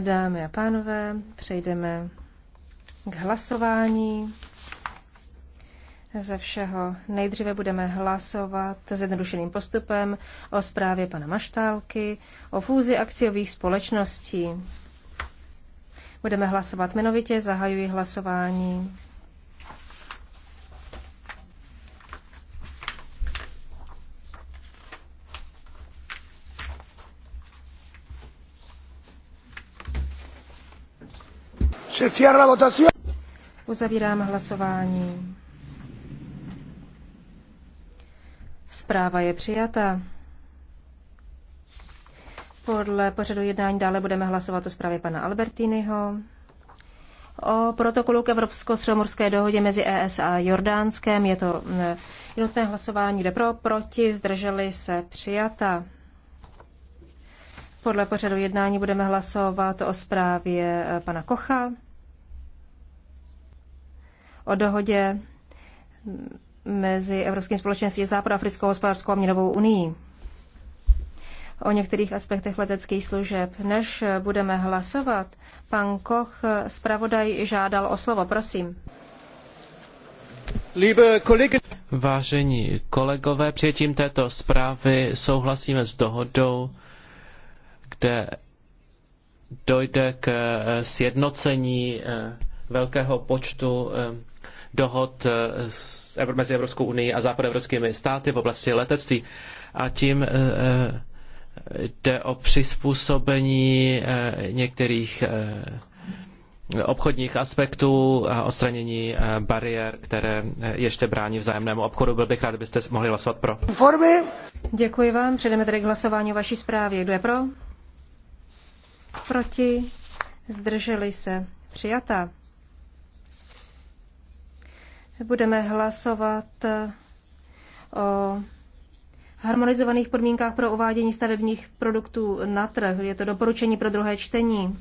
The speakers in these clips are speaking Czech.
Dámy a pánové, přejdeme k hlasování. Ze všeho nejdříve budeme hlasovat s jednodušeným postupem o zprávě pana Maštálky, o fúzi akciových společností. Budeme hlasovat jmenovitě, zahajuji hlasování. Uzavírám hlasování. Zpráva je přijata. Podle pořadu jednání dále budeme hlasovat o zprávě pana Albertiniho o protokolu k Evropsko-středomorské dohodě mezi ES a Jordánskem. Je to mm, jednotné hlasování, kde pro, proti, zdrželi se přijata. Podle pořadu jednání budeme hlasovat o zprávě eh, pana Kocha o dohodě mezi Evropským společenstvím Západoafrickou hospodářskou a měnovou unii o některých aspektech leteckých služeb. Než budeme hlasovat, pan Koch, zpravodaj, žádal o slovo. Prosím. Vážení kolegové, přijetím této zprávy souhlasíme s dohodou, kde dojde k eh, sjednocení eh, velkého počtu eh, dohod eh, mezi Evropskou unii a západoevropskými státy v oblasti letectví. A tím eh, eh, jde o přizpůsobení některých obchodních aspektů a odstranění bariér, které ještě brání vzájemnému obchodu. Byl bych rád, kdybyste mohli hlasovat pro. Formy. Děkuji vám. Přejdeme tedy k hlasování o vaší zprávě. Kdo je pro? Proti? Zdrželi se. Přijata budeme hlasovat eh, o harmonizovaných podmínkách pro uvádění stavebních produktů na trh. Je to doporučení pro druhé čtení.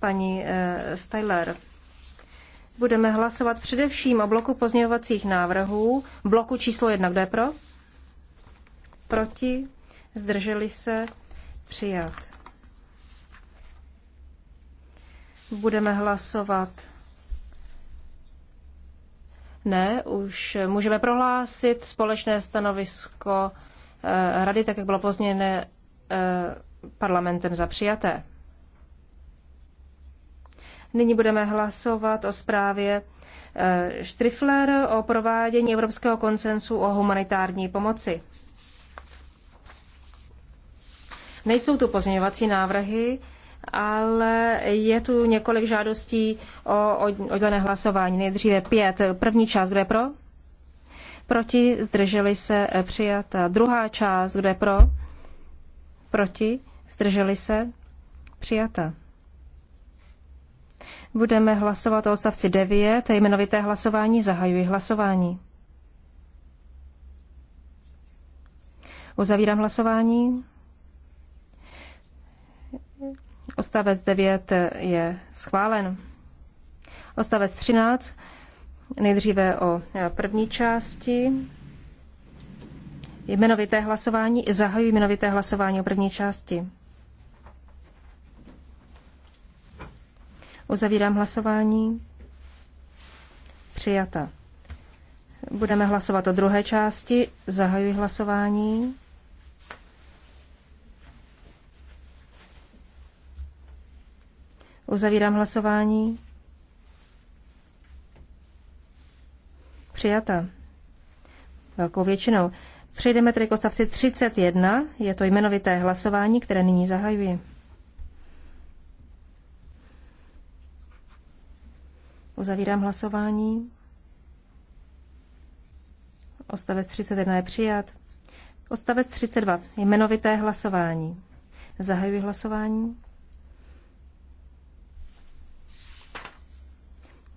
Paní eh, Styler. Budeme hlasovat především o bloku pozměňovacích návrhů. Bloku číslo jedna. Kdo je pro? Proti? Zdrželi se? Přijat. Budeme hlasovat ne, už můžeme prohlásit společné stanovisko eh, rady, tak jak bylo pozděné eh, parlamentem za přijaté. Nyní budeme hlasovat o zprávě eh, Štrifler o provádění Evropského koncensu o humanitární pomoci. Nejsou tu pozměňovací návrhy, ale je tu několik žádostí o oddělené hlasování. Nejdříve pět. První část, kde pro? Proti, zdrželi se, eh, přijata. Druhá část, kde pro? Proti, zdrželi se, přijata. Budeme hlasovat o odstavci 9, jmenovité hlasování, zahajuji hlasování. Uzavírám hlasování. Odstavec 9 je schválen. Odstavec 13. Nejdříve o první části. Jmenovité hlasování. Zahajuji jmenovité hlasování o první části. Uzavírám hlasování. Přijata. Budeme hlasovat o druhé části. Zahajuji hlasování. Uzavírám hlasování. Přijata. Velkou většinou. Přejdeme tedy k odstavci 31. Je to jmenovité hlasování, které nyní zahajuji. Uzavírám hlasování. Ostavec 31 je přijat. Ostavec 32. Jmenovité hlasování. Zahajuji hlasování.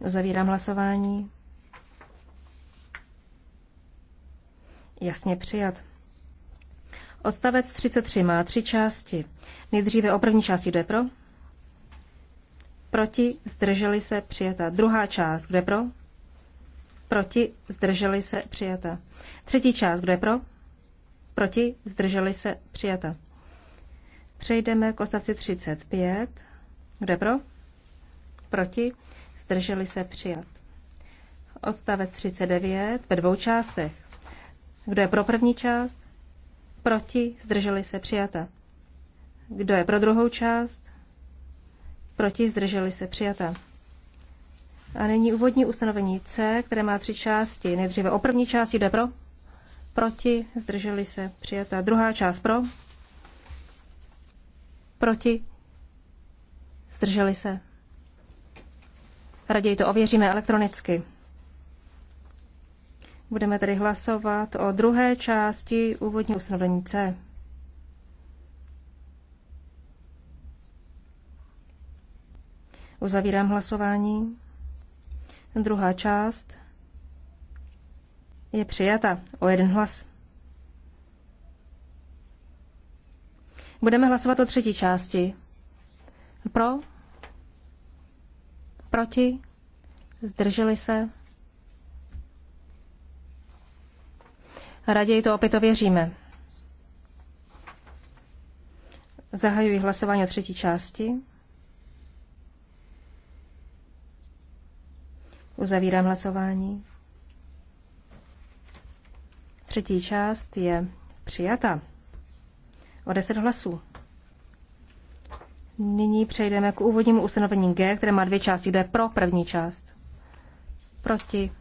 Uzavírám hlasování. Jasně přijat. Odstavec 33 má tři části. Nejdříve o první části, kdo je pro? Proti, zdrželi se, přijata. Druhá část, kdo je pro? Proti, zdrželi se, přijata. Třetí část, kdo je pro? Proti, zdrželi se, přijata. Přejdeme k odstavci 35. Kdo je pro? Proti, zdrželi se přijat. Odstavec 39 ve dvou částech. Kdo je pro první část? Proti, zdrželi se přijata. Kdo je pro druhou část? Proti, zdrželi se přijata. A nyní úvodní ustanovení C, které má tři části. Nejdříve o první části jde pro, proti, zdrželi se přijata. Druhá část pro, proti, zdrželi se Raději to ověříme elektronicky. Budeme tedy hlasovat o druhé části úvodní ustanovení C. Uzavírám hlasování. Druhá část je přijata o jeden hlas. Budeme hlasovat o třetí části. Pro Proti? Zdrželi se? Raději to opět ověříme. Zahajuji hlasování o třetí části. Uzavírám hlasování. Třetí část je přijata o 10 hlasů. Nyní přejdeme k úvodnímu ustanovení G, které má dvě části. Kdo je pro první část? Proti.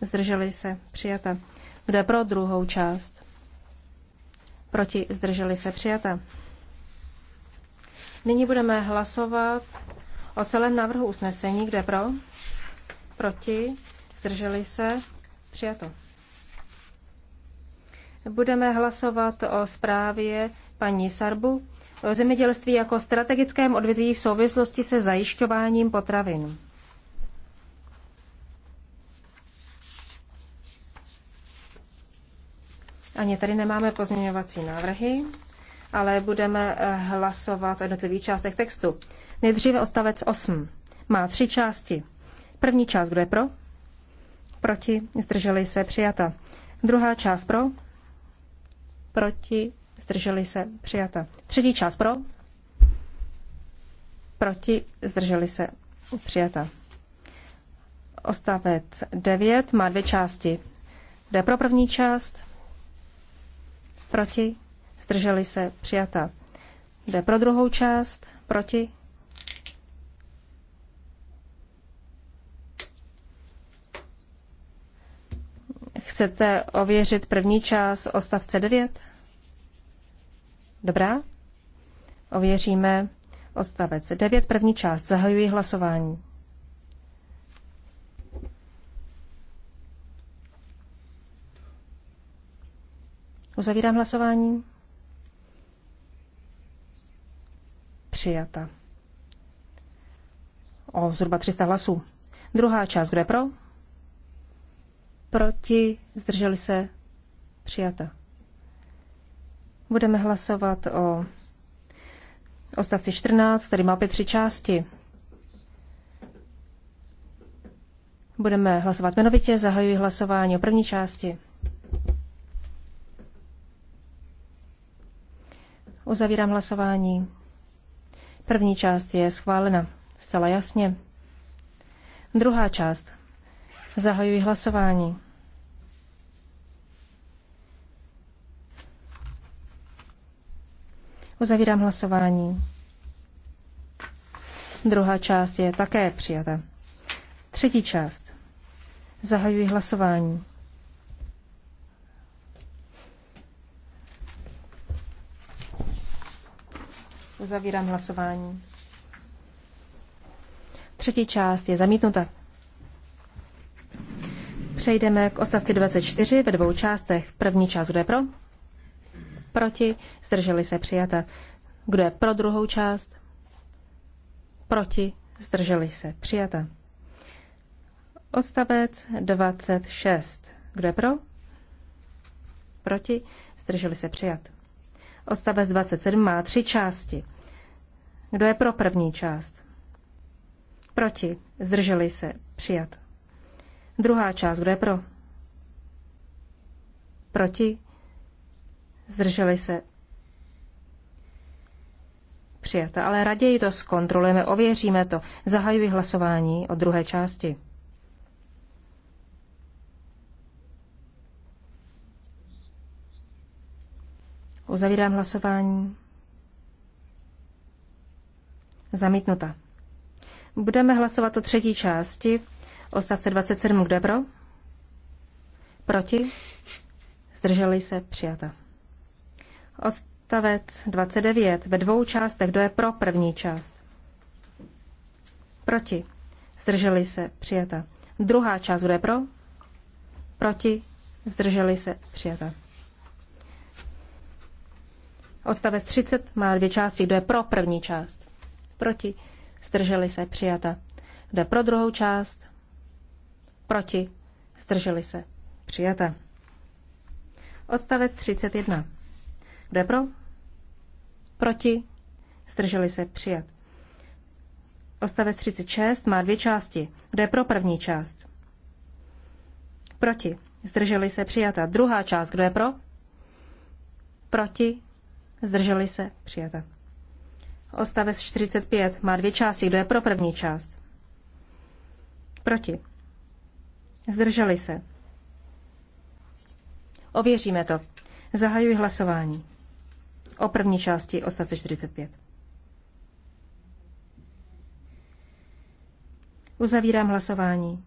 Zdrželi se. Přijata. Kdo je pro druhou část? Proti. Zdrželi se. Přijata. Nyní budeme hlasovat o celém návrhu usnesení. Kdo je pro? Proti. Zdrželi se. Přijato. Budeme hlasovat o zprávě paní Sarbu zemědělství jako strategickém odvětví v souvislosti se zajišťováním potravin. Ani tady nemáme pozměňovací návrhy, ale budeme eh, hlasovat o jednotlivých částech textu. Nejdříve odstavec 8. Má tři části. První část, kdo je pro? Proti, zdrželi se, přijata. Druhá část pro? Proti, zdrželi se, přijata. Třetí část pro, proti, zdrželi se, přijata. Ostavec 9 má dvě části. Jde pro první část, proti, zdrželi se, přijata. Jde pro druhou část, proti, Chcete ověřit první část ostavce 9? Dobrá? Ověříme odstavec 9, první část. Zahajuji hlasování. Uzavírám hlasování. Přijata. O zhruba 300 hlasů. Druhá část, kdo je pro? Proti, zdrželi se, přijata. Budeme hlasovat o odstavci 14, tedy má opět tři části. Budeme hlasovat jmenovitě, zahajuji hlasování o první části. Uzavírám hlasování. První část je schválena, zcela jasně. Druhá část. Zahajuji hlasování. Uzavírám hlasování. Druhá část je také přijata. Třetí část. Zahajuji hlasování. Uzavírám hlasování. Třetí část je zamítnuta. Přejdeme k ostavci 24 ve dvou částech. První část, kdo je pro? Proti? Zdrželi se přijata. Kdo je pro druhou část? Proti? Zdrželi se přijata. Odstavec 26. Kdo je pro? Proti? Zdrželi se přijat. Odstavec 27 má tři části. Kdo je pro první část? Proti. Zdrželi se. Přijat. Druhá část. Kdo je pro? Proti zdrželi se přijata, ale raději to zkontrolujeme, ověříme to. Zahajuji hlasování o druhé části. Uzavírám hlasování. Zamítnuta. Budeme hlasovat o třetí části, Ostatce 27, kde pro? Proti? Zdrželi se přijata. Odstavec 29 ve dvou částech. Kdo je pro první část? Proti. Zdrželi se. Přijata. Druhá část. Kdo je pro? Proti. Zdrželi se. Přijata. Odstavec 30 má dvě části. Kdo je pro první část? Proti. Zdrželi se. Přijata. Kdo je pro druhou část? Proti. Zdrželi se. Přijata. Odstavec 31. Kdo je pro? Proti? Zdrželi se přijat. Ostavec 36 má dvě části. Kdo je pro první část? Proti. Zdrželi se přijata. Druhá část. Kdo je pro? Proti. Zdrželi se přijata. Ostavec 45 má dvě části. Kdo je pro první část? Proti. Zdrželi se. Ověříme to. Zahajuji hlasování o první části odstavce 45. Uzavírám hlasování.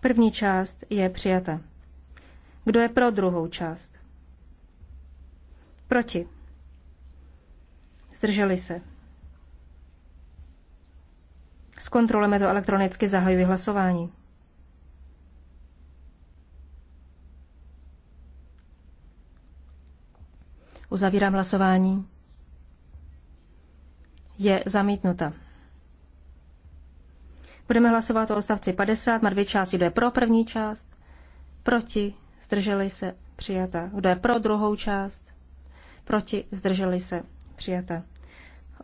První část je přijata. Kdo je pro druhou část? Proti. Zdrželi se. Zkontrolujeme to elektronicky, zahajuji hlasování. Uzavírám hlasování. Je zamítnuta. Budeme hlasovat o odstavci 50. Má dvě části. Kdo je pro první část? Proti? Zdrželi se? Přijata. Kdo je pro druhou část? Proti? Zdrželi se? Přijata.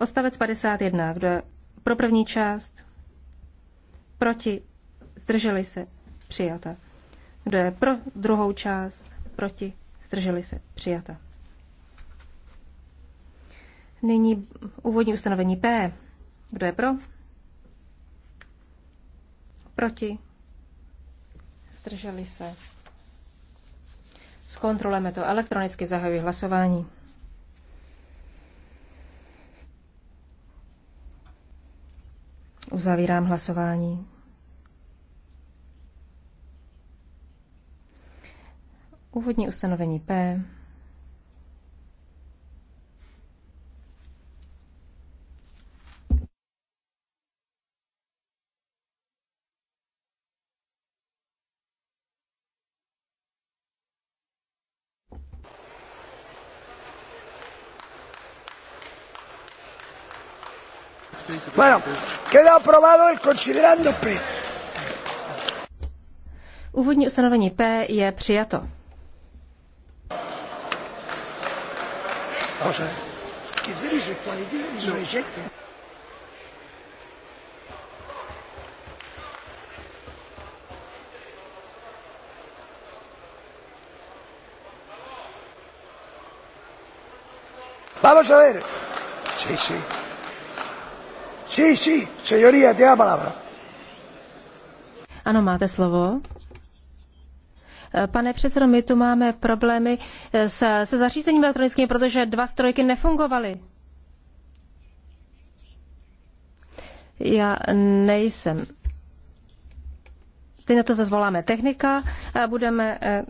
Odstavec 51. Kdo je pro první část? Proti? Zdrželi se? Přijata. Kdo je pro druhou část? Proti? Zdrželi se? Přijata. Nyní úvodní ustanovení P. Kdo je pro? Proti? Zdrželi se. Zkontrolujeme to elektronicky, zahajuji hlasování. Uzavírám hlasování. Úvodní ustanovení P. Bueno, queda aprobado el considerando P. Úvodní ustanovení P je přijato. Vamos a ver. Vamos a ver. Sí, sí. Sí, sí, señoría, te palabra. Ano, máte slovo. Pane předsedo, my tu máme problémy se, se zařízením elektronickým, protože dva strojky nefungovaly. Já nejsem. Teď na to zazvoláme technika a budeme eh,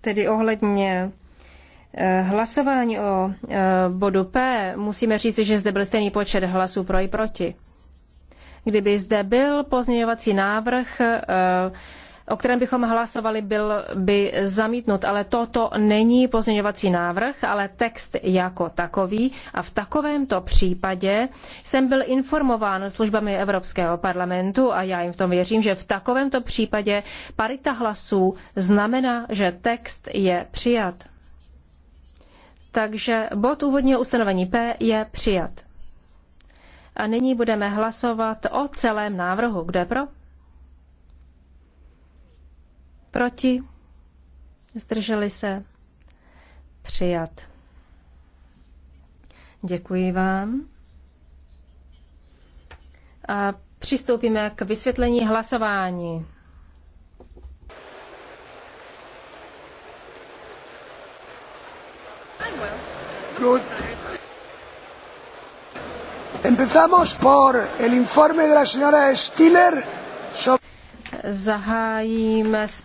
tedy ohledně Eh, hlasování o eh, bodu P musíme říct, že zde byl stejný počet hlasů pro i proti. Kdyby zde byl pozměňovací návrh, eh, o kterém bychom hlasovali, byl by zamítnut, ale toto není pozměňovací návrh, ale text jako takový. A v takovémto případě jsem byl informován službami Evropského parlamentu a já jim v tom věřím, že v takovémto případě parita hlasů znamená, že text je přijat. Takže bod úvodního ustanovení P je přijat. A nyní budeme hlasovat o celém návrhu. Kdo je pro? Proti? Zdrželi se? Přijat. Děkuji vám. A přistoupíme k vysvětlení hlasování. Good. Empezamos por el informe de la señora Stiller sobre... Zahájíme